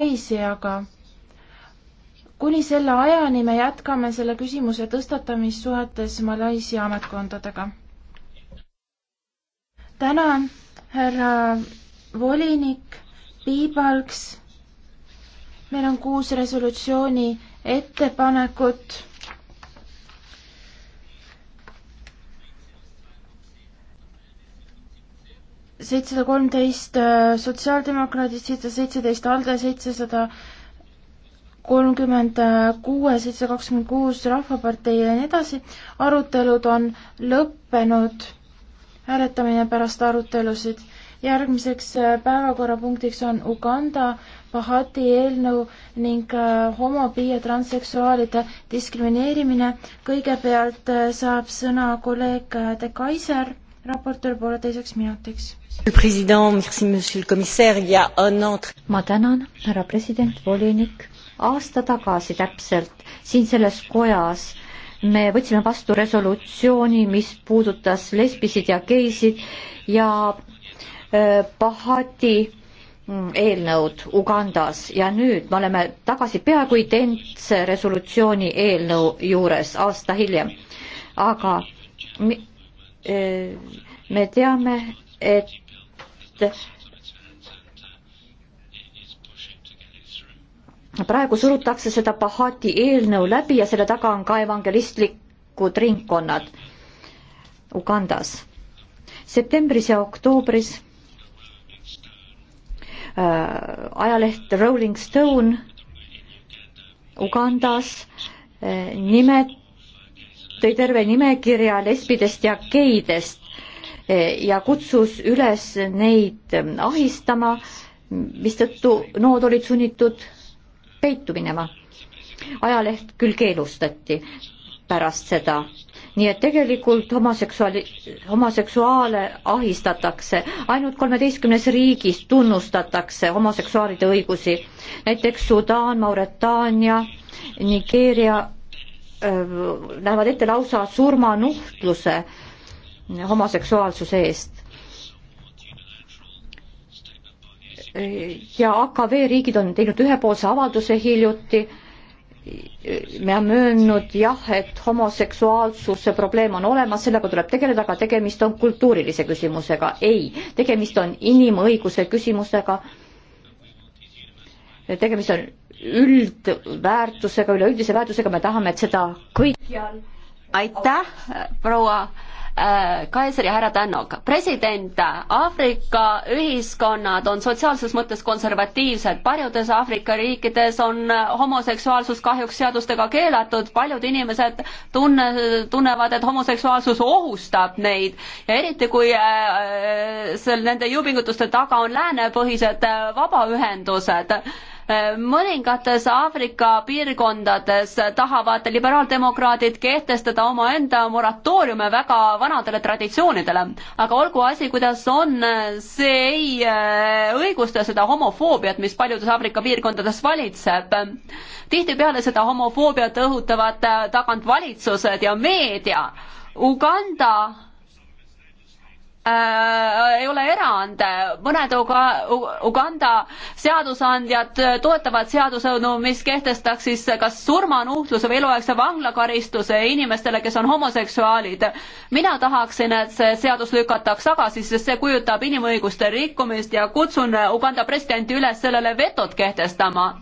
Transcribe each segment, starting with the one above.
teisi, aga kuni selle ajani me jätkame selle küsimuse tõstatamist suhetes Malaisia ametkondadega. tänan, härra volinik Piibalks. meil on kuus resolutsiooni ettepanekut seitsesada kolmteist äh, sotsiaaldemokraadid, seitsesada seitseteist ALDE, seitsesada kolmkümmend äh, kuue, seitsesada kakskümmend kuus Rahvapartei ja nii edasi. arutelud on lõppenud, hääletamine pärast arutelusid. järgmiseks äh, päevakorrapunktiks on Uganda Bahati eelnõu ning homo-, bi- ja transseksuaalide diskrimineerimine. kõigepealt saab sõna kolleeg De Kaiser raportöör pooleteiseks minutiks. ma tänan, härra president, volinik. aasta tagasi täpselt siin selles kojas me võtsime vastu resolutsiooni, mis puudutas lesbisid ja geisid ja äh, pahati mm, eelnõud Ugandas ja nüüd me oleme tagasi peaaegu identse resolutsiooni eelnõu juures aasta hiljem. aga me teame, et praegu surutakse seda Bahati eelnõu läbi ja selle taga on ka evangelistlikud ringkonnad Ugandas. septembris ja oktoobris äh, ajaleht Rolling Stone Ugandas äh, nimetas tõi terve nimekirja lesbidest ja geidest eh, ja kutsus üles neid eh, ahistama, mistõttu nood olid sunnitud peitu minema. ajaleht küll keelustati pärast seda, nii et tegelikult homoseksuaali, homoseksuaale ahistatakse, ainult kolmeteistkümnes riigis tunnustatakse homoseksuaalide õigusi, näiteks Sudaan, Mauretaania, Nigeeria, Äh, näevad ette lausa surmanuhtluse homoseksuaalsuse eest. ja AKV riigid on teinud ühepoolse avalduse hiljuti ja möönnud jah, et homoseksuaalsuse probleem on olemas, sellega tuleb tegeleda, aga tegemist on kultuurilise küsimusega. ei, tegemist on inimõiguse küsimusega. tegemist on üldväärtusega, üleüldise väärtusega, me tahame, et seda kõikjal. aitäh, proua äh, Kaiser ja härra Tänok. president, Aafrika ühiskonnad on sotsiaalses mõttes konservatiivsed, paljudes Aafrika riikides on äh, homoseksuaalsus kahjuks seadustega keelatud, paljud inimesed tunne, tunnevad, et homoseksuaalsus ohustab neid ja eriti, kui äh, seal nende jõupingutuste taga on läänepõhised vabaühendused mõningates Aafrika piirkondades tahavad liberaaldemokraadid kehtestada omaenda moratooriume väga vanadele traditsioonidele. aga olgu asi, kuidas on, see ei äh, õigusta seda homofoobiat, mis paljudes Aafrika piirkondades valitseb. tihtipeale seda homofoobiat õhutavad äh, tagant valitsused ja meedia. Uganda äh, ei ole erand, mõned Uga, Uganda seadusandjad äh, toetavad seadusõnu, mis kehtestaks siis kas surmanuhtluse või eluaegse vanglakaristuse inimestele, kes on homoseksuaalid. mina tahaksin, et see seadus lükataks tagasi, sest see kujutab inimõiguste rikkumist ja kutsun Uganda presidenti üles sellele vetot kehtestama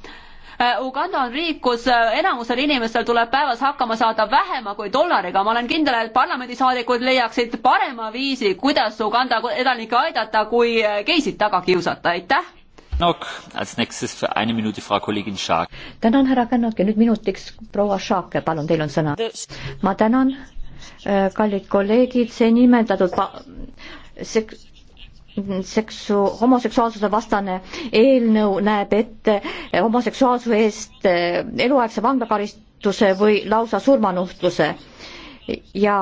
Äh, Uganda on riik, kus äh, enamusel inimestel tuleb päevas hakkama saada vähema kui dollariga, ma olen kindel, et parlamendisaadikud leiaksid parema viisi, kuidas Uganda elanikke aidata, kui geisid äh, taga kiusata, aitäh! tänan, härra Kännok ja nüüd minutiks proua Šaake, palun, teil on sõna. ma tänan, kallid kolleegid, see nimetatud sek-, seksu, homoseksuaalsuse vastane eelnõu näeb ette homoseksuaalsuse eest eh, eluaegse vanglakaristuse või lausa surmanuhtluse. ja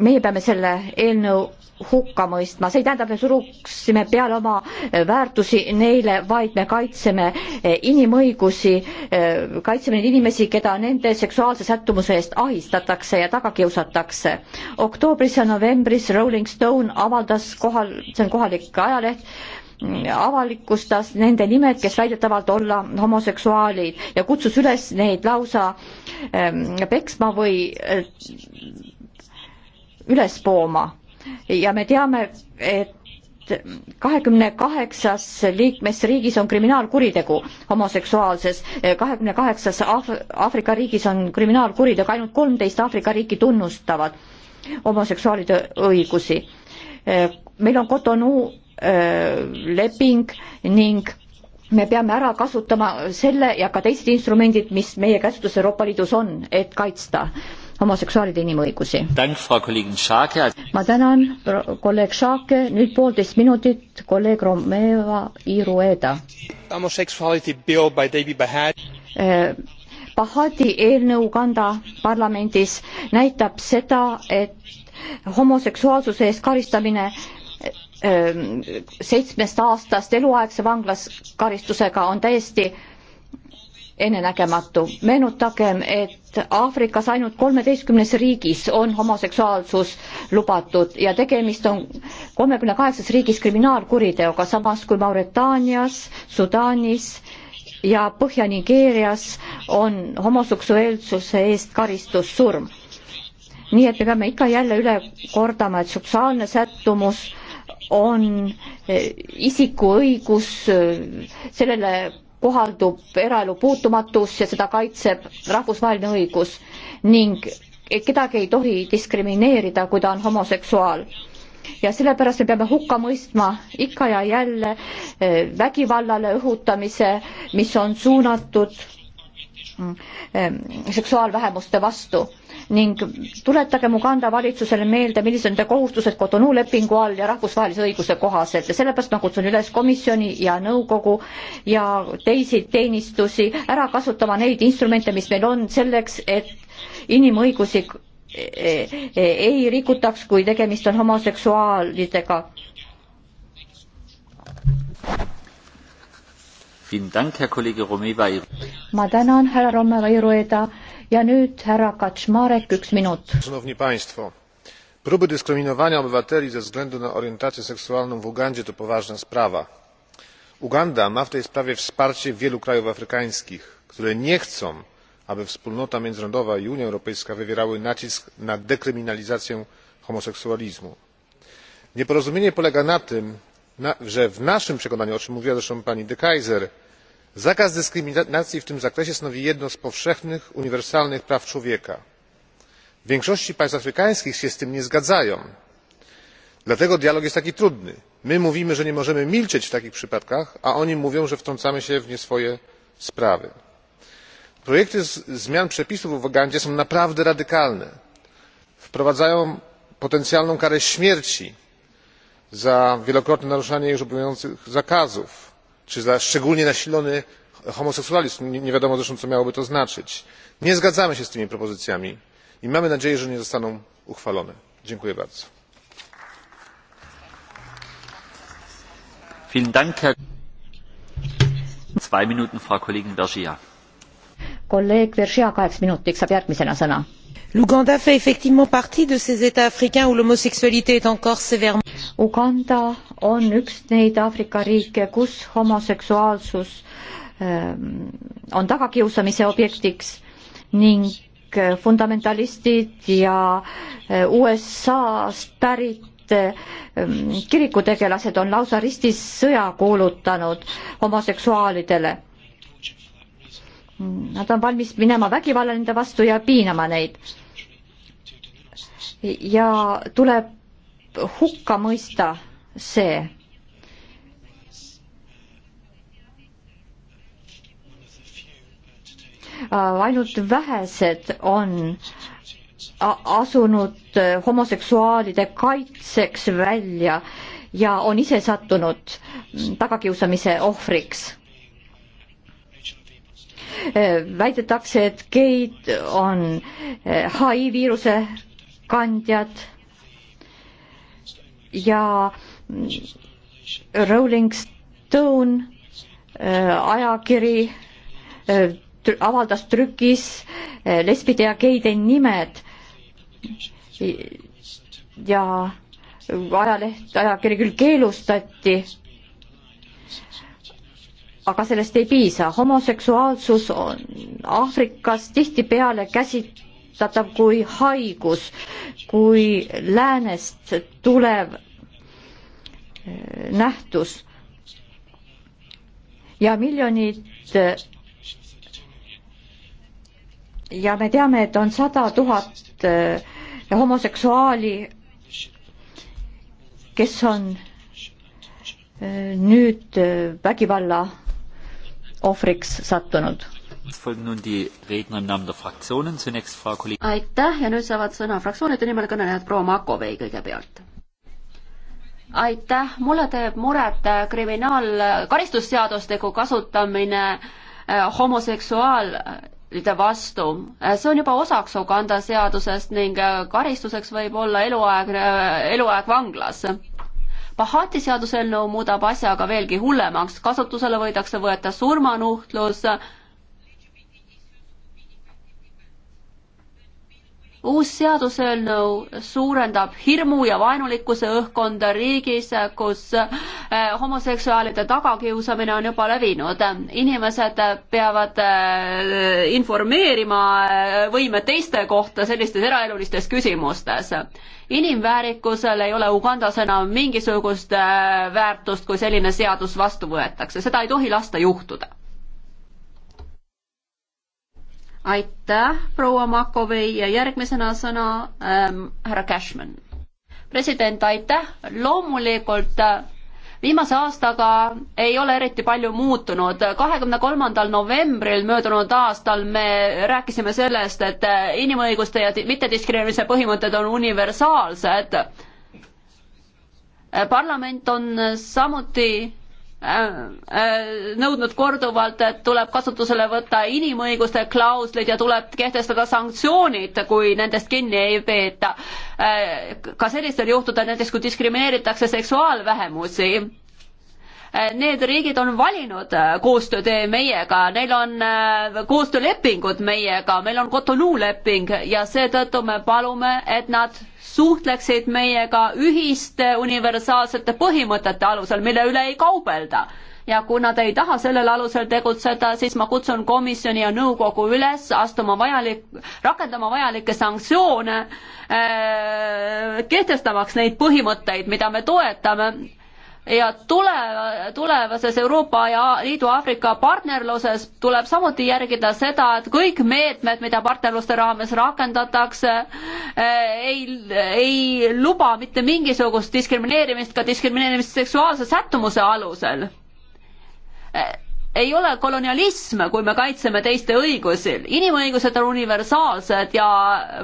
meie peame selle eelnõu hukka mõistma, see ei tähenda, et me suruksime peale oma eh, väärtusi neile, vaid me kaitseme eh, inimõigusi, eh, kaitseme neid inimesi, keda nende seksuaalse sättumuse eest ahistatakse ja taga kiusatakse. oktoobris ja novembris Rolling Stone avaldas kohal, see on kohalik ajaleht, mm, avalikustas nende nimed, kes väidetavalt olla homoseksuaalid ja kutsus üles neid lausa ähm, peksma või äh, üles pooma ja me teame, et kahekümne kaheksas liikmesriigis on kriminaalkuritegu homoseksuaalses, kahekümne kaheksas Aafrika riigis on kriminaalkuritegu, ainult kolmteist Aafrika riiki tunnustavad homoseksuaalide õigusi. meil on Cotonou äh, leping ning me peame ära kasutama selle ja ka teised instrumendid, mis meie käsutuses Euroopa Liidus on, et kaitsta äh, homoseksuaalide inimõigusi. ma tänan kolleeg Šake, nüüd poolteist minutit kolleeg Romeva Irueda. Eh, Bahati eelnõu Uganda parlamendis näitab seda, et homoseksuaalsuse eest karistamine eh, seitsmest aastast eluaegse vanglaskaristusega on täiesti ennenägematu. meenutagem, et Aafrikas ainult kolmeteistkümnes riigis on homoseksuaalsus lubatud ja tegemist on kolmekümne kaheksas riigis kriminaalkuriteoga, samas kui Mauretaanias, Sudaanis ja Põhja-Nigeerias on homoseksuaalsuse eest karistussurm. nii et me peame ikka jälle üle kordama, et seksuaalne sättumus on eh, isiku õigus eh, sellele kohaldub eraelu puutumatus ja seda kaitseb rahvusvaheline õigus ning kedagi ei tohi diskrimineerida, kui ta on homoseksuaal. ja sellepärast me peame hukka mõistma ikka ja jälle eh, vägivallale õhutamise, mis on suunatud mm, eh, seksuaalvähemuste vastu ning tuletagem Uganda valitsusele meelde, millised on nende kohustused Cotonou lepingu all ja rahvusvahelise õiguse kohaselt ja sellepärast ma kutsun üles komisjoni ja nõukogu ja teisi teenistusi ära kasutama neid instrumente, mis meil on selleks, et inimõigusi e, e, e, ei rikutaks, kui tegemist on homoseksuaalidega. ma tänan, härra Romeva Irueda ja nüüd härra Kaczmarek, üks minut. Próby dyskryminowania obywateli ze względu na orientację seksualną w Ugandzie to poważna sprawa. Uganda ma w tej sprawie wsparcie wielu krajów afrykańskich, które nie chcą, aby wspólnota międzynarodowa i Unia Europejska wywierały nacisk na dekryminalizację homoseksualizmu. Nieporozumienie polega na tym, na, że w naszym przekonaniu, o czym mówiła zresztą pani de Keyser, zakaz dyskryminacji w tym zakresie stanowi jedno z powszechnych uniwersalnych praw człowieka. w większości państw afrykańskich się z tym nie zgadzają dlatego dialog jest taki trudny. my mówimy że nie możemy milczeć w takich przypadkach a oni mówią że wtrącamy się w nie swoje sprawy. projekty zmian przepisów w ugandzie są naprawdę radykalne. wprowadzają potencjalną karę śmierci za wielokrotne naruszanie już obowiązujących zakazów czy za szczególnie nasilony homoseksualizm nie wiadomo zresztą co miałoby to znaczyć. nie zgadzamy się z tymi propozycjami i mamy nadzieję że nie zostaną uchwalone. dziękuję bardzo. l'ouganda fait effectivement partie de ces états africains où l'homosexualité est encore sévèrement punie et où les droits de l'homme sont encore très peu respectés. Uganda on üks neid Aafrika riike, kus homoseksuaalsus ähm, on tagakiusamise objektiks ning äh, fundamentalistid ja äh, USA-st pärit ähm, kirikutegelased on lausa ristis sõja kuulutanud homoseksuaalidele. Nad on valmis minema vägivalla nende vastu ja piinama neid. ja tuleb hukka mõista see. ainult vähesed on asunud homoseksuaalide kaitseks välja ja on ise sattunud tagakiusamise ohvriks. väidetakse, et geid on HIV viiruse kandjad ja Rolling Stone äh, ajakiri äh, avaldas trükis äh, lesbide ja geide nimed ja ajaleht, ajakiri küll keelustati, aga sellest ei piisa, homoseksuaalsus on Aafrikas tihtipeale käsit-, kuulutatav kui haigus, kui läänest tulev äh, nähtus. ja miljonid äh, ja me teame, et on sada tuhat äh, homoseksuaali, kes on nüüd vägivalla ohvriks sattunud aitäh ja nüüd saavad sõna fraktsioonide nimel kõnelejad proua Makovei kõigepealt. aitäh, mulle teeb muret äh, kriminaal, karistusseadustiku kasutamine äh, homoseksuaal liikmete vastu. Äh, see on juba osaks Uganda seadusest ning karistuseks võib olla eluaeg, eluaeg vanglas. Bahati seaduseelnõu muudab asja aga veelgi hullemaks, kasutusele võidakse võtta surmanuhtlus äh,, uus seaduseelnõu suurendab hirmu ja vaenulikkuse õhkkonda riigis, kus eh, homoseksuaalide tagakiusamine on juba levinud. inimesed peavad eh, informeerima eh, võime teiste kohta sellistes eraelulistes küsimustes. inimväärikusel ei ole Ugandas enam mingisugust väärtust, kui selline seadus vastu võetakse, seda ei tohi lasta juhtuda aitäh, proua Makovei ja järgmisena sõna ähm, härra Cashman. president, aitäh, loomulikult äh, viimase aastaga ei ole eriti palju muutunud. kahekümne kolmandal novembril möödunud aastal me rääkisime sellest, et äh, inimõiguste ja mittediskrimineerimise põhimõtted on universaalsed. Äh, parlament on samuti Äh, äh, nõudnud korduvalt, et tuleb kasutusele võtta inimõiguste klauslid ja tuleb kehtestada sanktsioonid, kui nendest kinni ei peeta. Äh, ka sellistel juhtudel, näiteks kui diskrimineeritakse seksuaalvähemusi Eh, need riigid on valinud eh, koostöötee meiega, neil on eh, koostöölepingud meiega, meil on Cotonou leping ja seetõttu me palume, et nad suhtleksid meiega ühiste universaalsete põhimõtete alusel, mille üle ei kaubelda. ja kui nad ei taha sellel alusel tegutseda, siis ma kutsun komisjoni ja nõukogu üles astuma vajalik, rakendama vajalikke sanktsioone äh,, kehtestamaks neid põhimõtteid, mida me toetame ja tule, tulevases Euroopa ja Liidu Aafrika partnerluses tuleb samuti järgida seda, et kõik meetmed, mida partnerluste raames rakendatakse, eh, ei, ei luba mitte mingisugust diskrimineerimist, ka diskrimineerimist seksuaalse sättumuse alusel ei ole kolonialism, kui me kaitseme teiste õigusi. inimõigused on universaalsed ja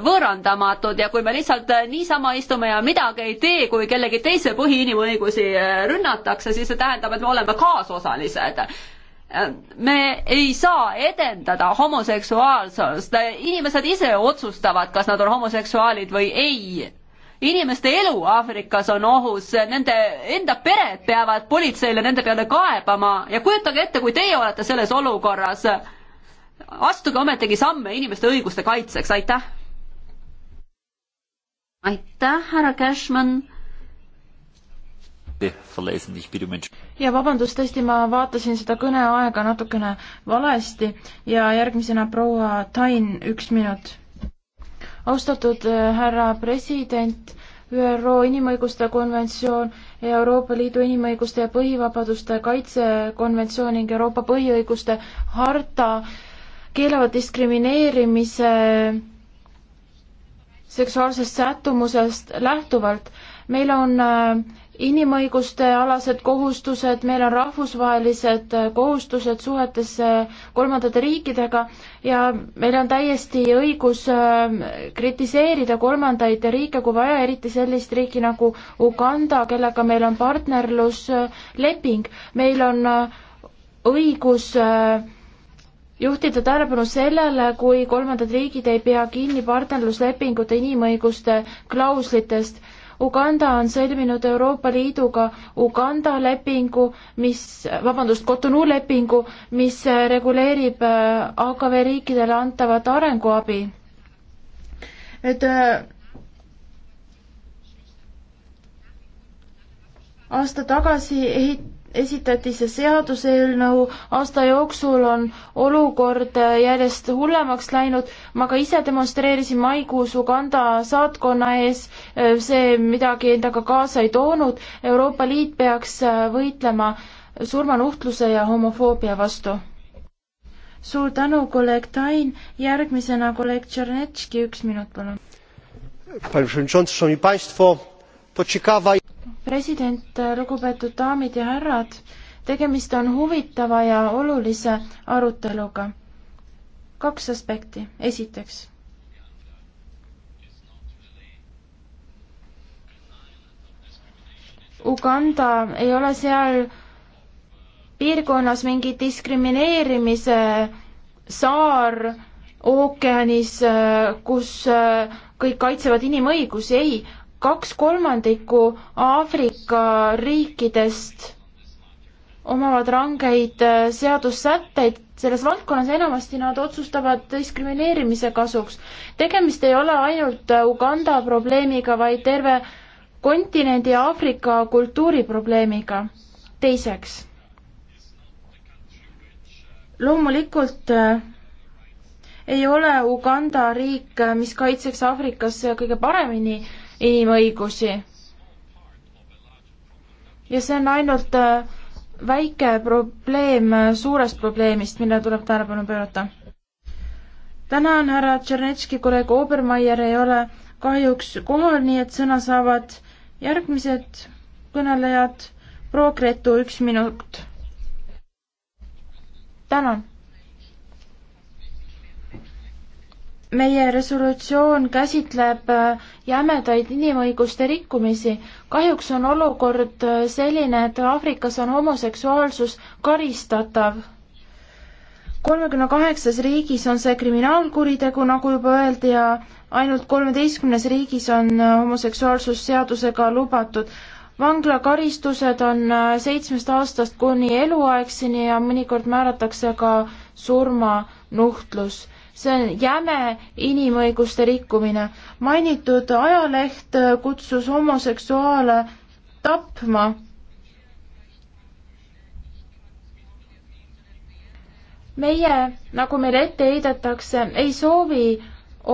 võõrandamatud ja kui me lihtsalt niisama istume ja midagi ei tee, kui kellegi teise põhiinimõigusi äh, rünnatakse, siis see tähendab, et me oleme kaasosalised me ei saa edendada homoseksuaalsust, inimesed ise otsustavad, kas nad on homoseksuaalid või ei inimeste elu Aafrikas on ohus, nende enda pered peavad politseile nende peale kaebama ja kujutage ette, kui teie olete selles olukorras. astuge ometigi samme inimeste õiguste kaitseks, aitäh. aitäh, härra Cashman. ja vabandust, tõesti, ma vaatasin seda kõneaega natukene valesti ja järgmisena proua Tain, üks minut austatud äh, härra president, ÜRO inimõiguste konventsioon ja Euroopa Liidu inimõiguste ja põhivabaduste kaitsekonventsioon ning Euroopa põhiõiguste harta keelavad diskrimineerimise seksuaalsest sättumusest lähtuvalt meil on äh, inimõiguste alased kohustused, meil on rahvusvahelised äh, kohustused suhetes kolmandate riikidega ja meil on täiesti õigus äh, kritiseerida kolmandaid riike, kui vaja, eriti sellist riiki nagu Uganda, kellega meil on partnerlusleping. meil on õigus juhtida tähelepanu sellele, kui kolmandad riigid ei pea kinni partnerluslepingute inimõiguste klauslitest Uganda on sõlminud Euroopa Liiduga Uganda lepingu, mis, vabandust, Cotonou lepingu, mis äh, reguleerib äh, AKV riikidele antavat arenguabi. nüüd äh, aasta tagasi ehit-, esitati see seaduseelnõu, aasta jooksul on olukord järjest hullemaks läinud, ma ka ise demonstreerisin maikuus Uganda saatkonna ees, see midagi endaga kaasa ei toonud, Euroopa Liit peaks võitlema surmanuhtluse ja homofoobia vastu. suur tänu, kolleeg Tain, järgmisena kolleeg Tšernetški, üks minut palun. Panie Przewodniczący, Szanowni Państwo, to ciekawa president, lugupeetud daamid ja härrad, tegemist on huvitava ja olulise aruteluga. kaks aspekti, esiteks. Uganda ei ole seal piirkonnas mingi diskrimineerimise saar ookeanis, kus kõik kaitsevad inimõigusi, ei, kaks kolmandikku Aafrika riikidest omavad rangeid äh, seadussätteid selles valdkonnas, enamasti nad otsustavad diskrimineerimise kasuks. tegemist ei ole ainult äh, Uganda probleemiga, vaid terve kontinendi Aafrika kultuuri probleemiga. teiseks, loomulikult äh, ei ole Uganda riik, mis kaitseks Aafrikas kõige paremini inimõigusi. ja see on ainult äh, väike probleem suurest probleemist, millele tuleb tähelepanu pöörata. täna on härra Tšernetški kolleeg Obermeier ei ole kahjuks kohal, nii et sõna saavad järgmised kõnelejad. proua Gretu, üks minut. tänan meie resolutsioon käsitleb äh, jämedaid inimõiguste rikkumisi. kahjuks on olukord äh, selline, et Aafrikas on homoseksuaalsus karistatav. kolmekümne kaheksas riigis on see kriminaalkuritegu, nagu juba öeldi, ja ainult kolmeteistkümnes riigis on äh, homoseksuaalsus seadusega lubatud. vanglakaristused on seitsmest aastast kuni eluaegseni ja mõnikord määratakse ka surmanuhtlus see on jäme inimõiguste rikkumine. mainitud ajaleht kutsus homoseksuaale tapma. meie, nagu meile ette heidetakse, ei soovi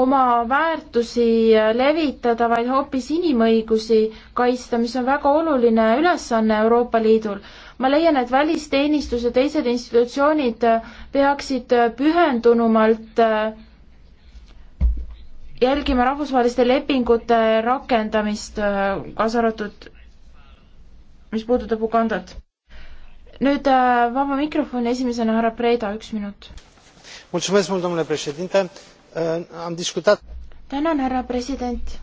oma väärtusi levitada, vaid hoopis inimõigusi kaitsta, mis on väga oluline ülesanne Euroopa Liidul ma leian, et välisteenistus ja teised institutsioonid äh, peaksid äh, pühendunumalt äh, jälgima rahvusvaheliste lepingute rakendamist, kaasa arvatud, mis puudutab Ugandat. nüüd vaba mikrofon, esimesena härra Preda, üks minut. tänan, härra president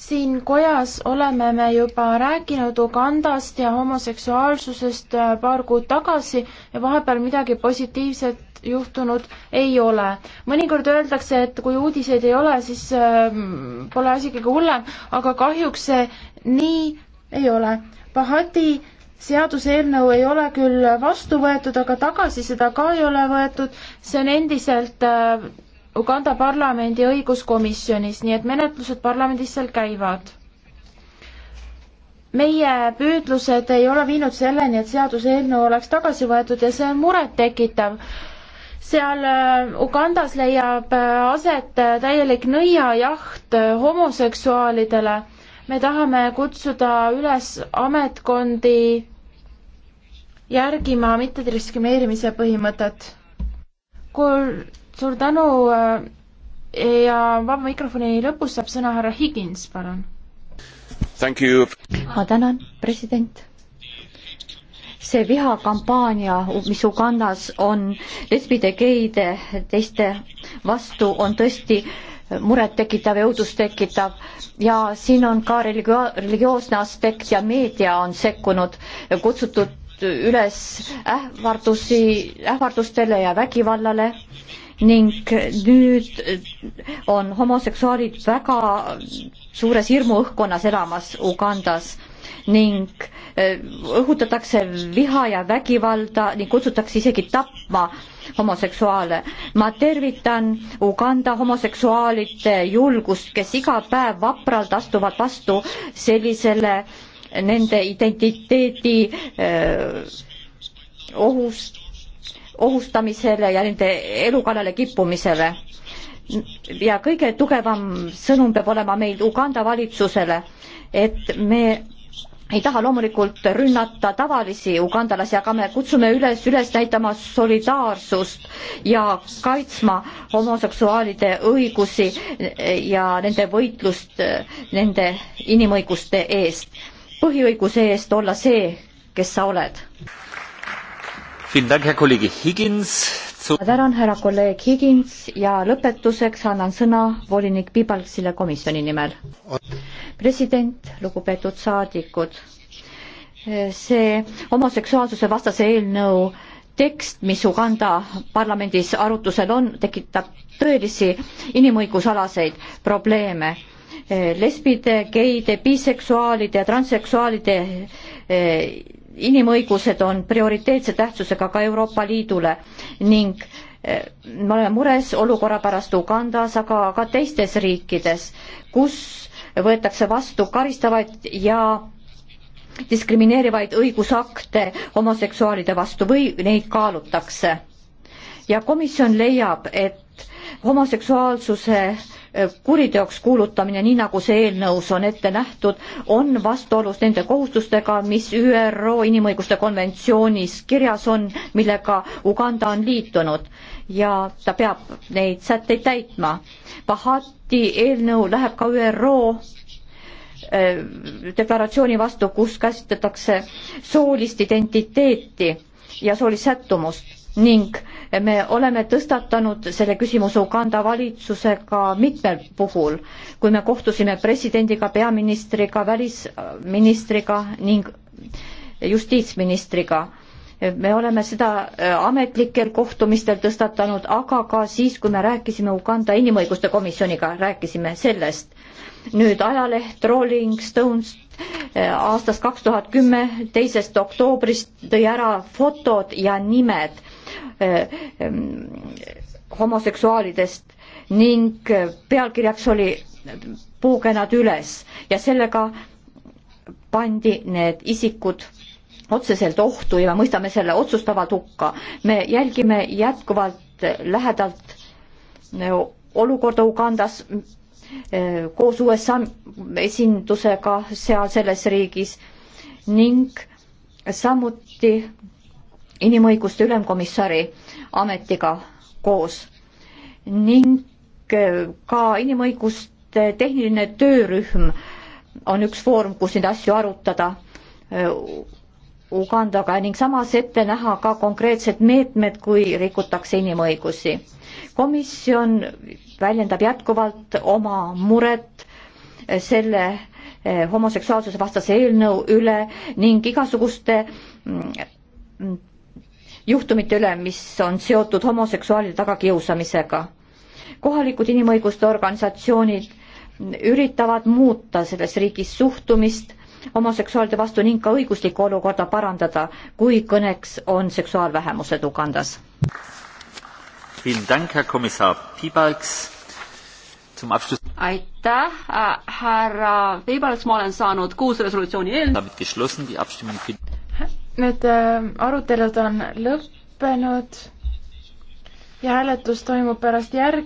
siin kojas oleme me juba rääkinud Ugandast ja homoseksuaalsusest äh, paar kuud tagasi ja vahepeal midagi positiivset juhtunud ei ole. mõnikord öeldakse, et kui uudiseid ei ole, siis äh, pole asi kõige hullem, aga kahjuks see nii ei ole. Bahati seaduseelnõu ei ole küll vastu võetud, aga tagasi seda ka ei ole võetud, see on endiselt äh, Uganda parlamendi õiguskomisjonis, nii et menetlused parlamendis seal käivad. meie püüdlused ei ole viinud selleni, et seaduseelnõu oleks tagasi võetud ja see on murettekitav seal äh, Ugandas leiab äh, aset äh, täielik nõiajaht homoseksuaalidele. me tahame kutsuda üles ametkondi järgima mittediskrimineerimise põhimõtet. kolm suur tänu äh, ja vaba mikrofoni lõpus saab sõna härra Higins, palun. ma tänan, president see vihakampaania, mis Ugandas on lesbide, geide, teiste vastu, on tõesti murettekitav ja õudustekitav ja siin on ka religio religioosne aspekt ja meedia on sekkunud, kutsutud üles ähvardusi, ähvardustele ja vägivallale ning nüüd on homoseksuaalid väga suures hirmuõhkkonnas elamas Ugandas ning eh, õhutatakse viha ja vägivalda ning kutsutakse isegi tapma homoseksuaale. ma tervitan Uganda homoseksuaalide julgust, kes iga päev vapralt astuvad vastu sellisele äh, nende identiteedi äh, ohust, ohustamisele ja nende elu kallale kippumisele. ja kõige tugevam sõnum peab olema meil Uganda valitsusele, et me ei taha loomulikult rünnata tavalisi ugandalasi, aga me kutsume üles, üles näitama solidaarsust ja kaitsma homoseksuaalide õigusi ja nende võitlust nende inimõiguste eest põhiõiguse eest olla see, kes sa oled. ma tänan, härra kolleeg Higins ja lõpetuseks annan sõna volinik Pibalksile komisjoni nimel. president, lugupeetud saadikud, see homoseksuaalsuse vastase eelnõu tekst, mis Uganda parlamendis arutusel on, tekitab tõelisi inimõigusalaseid probleeme lesbide, geide, biseksuaalide ja transseksuaalide eh, inimõigused on prioriteetse tähtsusega ka Euroopa Liidule ning eh, me oleme mures olukorra pärast Ugandas, aga ka teistes riikides, kus võetakse vastu karistavaid ja diskrimineerivaid õigusakte homoseksuaalide vastu või neid kaalutakse. ja komisjon leiab, et homoseksuaalsuse eh, kuriteoks kuulutamine, nii nagu see eelnõus on ette nähtud, on vastuolus nende kohustustega, mis ÜRO inimõiguste konventsioonis kirjas on, millega Uganda on liitunud ja ta peab neid sätteid täitma. Bahati eelnõu läheb ka ÜRO eh, deklaratsiooni vastu, kus käsitletakse soolist identiteeti ja soolist sättumust ning me oleme tõstatanud selle küsimuse Uganda valitsusega mitmel puhul, kui me kohtusime presidendiga, peaministriga, välisministriga ning justiitsministriga. me oleme seda äh, ametlikel kohtumistel tõstatanud, aga ka siis, kui me rääkisime Uganda inimõiguste komisjoniga, rääkisime sellest. nüüd ajaleht Rolling Stones äh, aastast kaks tuhat kümme, teisest oktoobrist tõi ära fotod ja nimed Äh, ähm, homoseksuaalidest ning pealkirjaks oli Puukenad üles ja sellega pandi need isikud otseselt ohtu ja me mõistame selle otsustavalt hukka. me jälgime jätkuvalt lähedalt olukorda Ugandas äh, koos USA esindusega seal selles riigis ning samuti inimõiguste ülemkomissari ametiga koos ning äh, ka inimõiguste tehniline töörühm on üks foorum, kus neid asju arutada äh, Ugandaga ning samas ette näha ka konkreetsed meetmed, kui rikutakse inimõigusi. komisjon väljendab jätkuvalt oma muret äh, selle homoseksuaalsuse vastase eelnõu üle ning igasuguste mm, juhtumite üle, mis on seotud homoseksuaalide tagakiusamisega. kohalikud inimõiguste organisatsioonid üritavad muuta selles riigis suhtumist homoseksuaalide vastu ning ka õiguslikku olukorda parandada, kui kõneks on seksuaalvähemused Ugandas. aitäh, äh, härra Piibalks, ma olen saanud kuus resolutsiooni eelnõu. Need äh, arutelud on lõppenud ja hääletus toimub pärast järg-.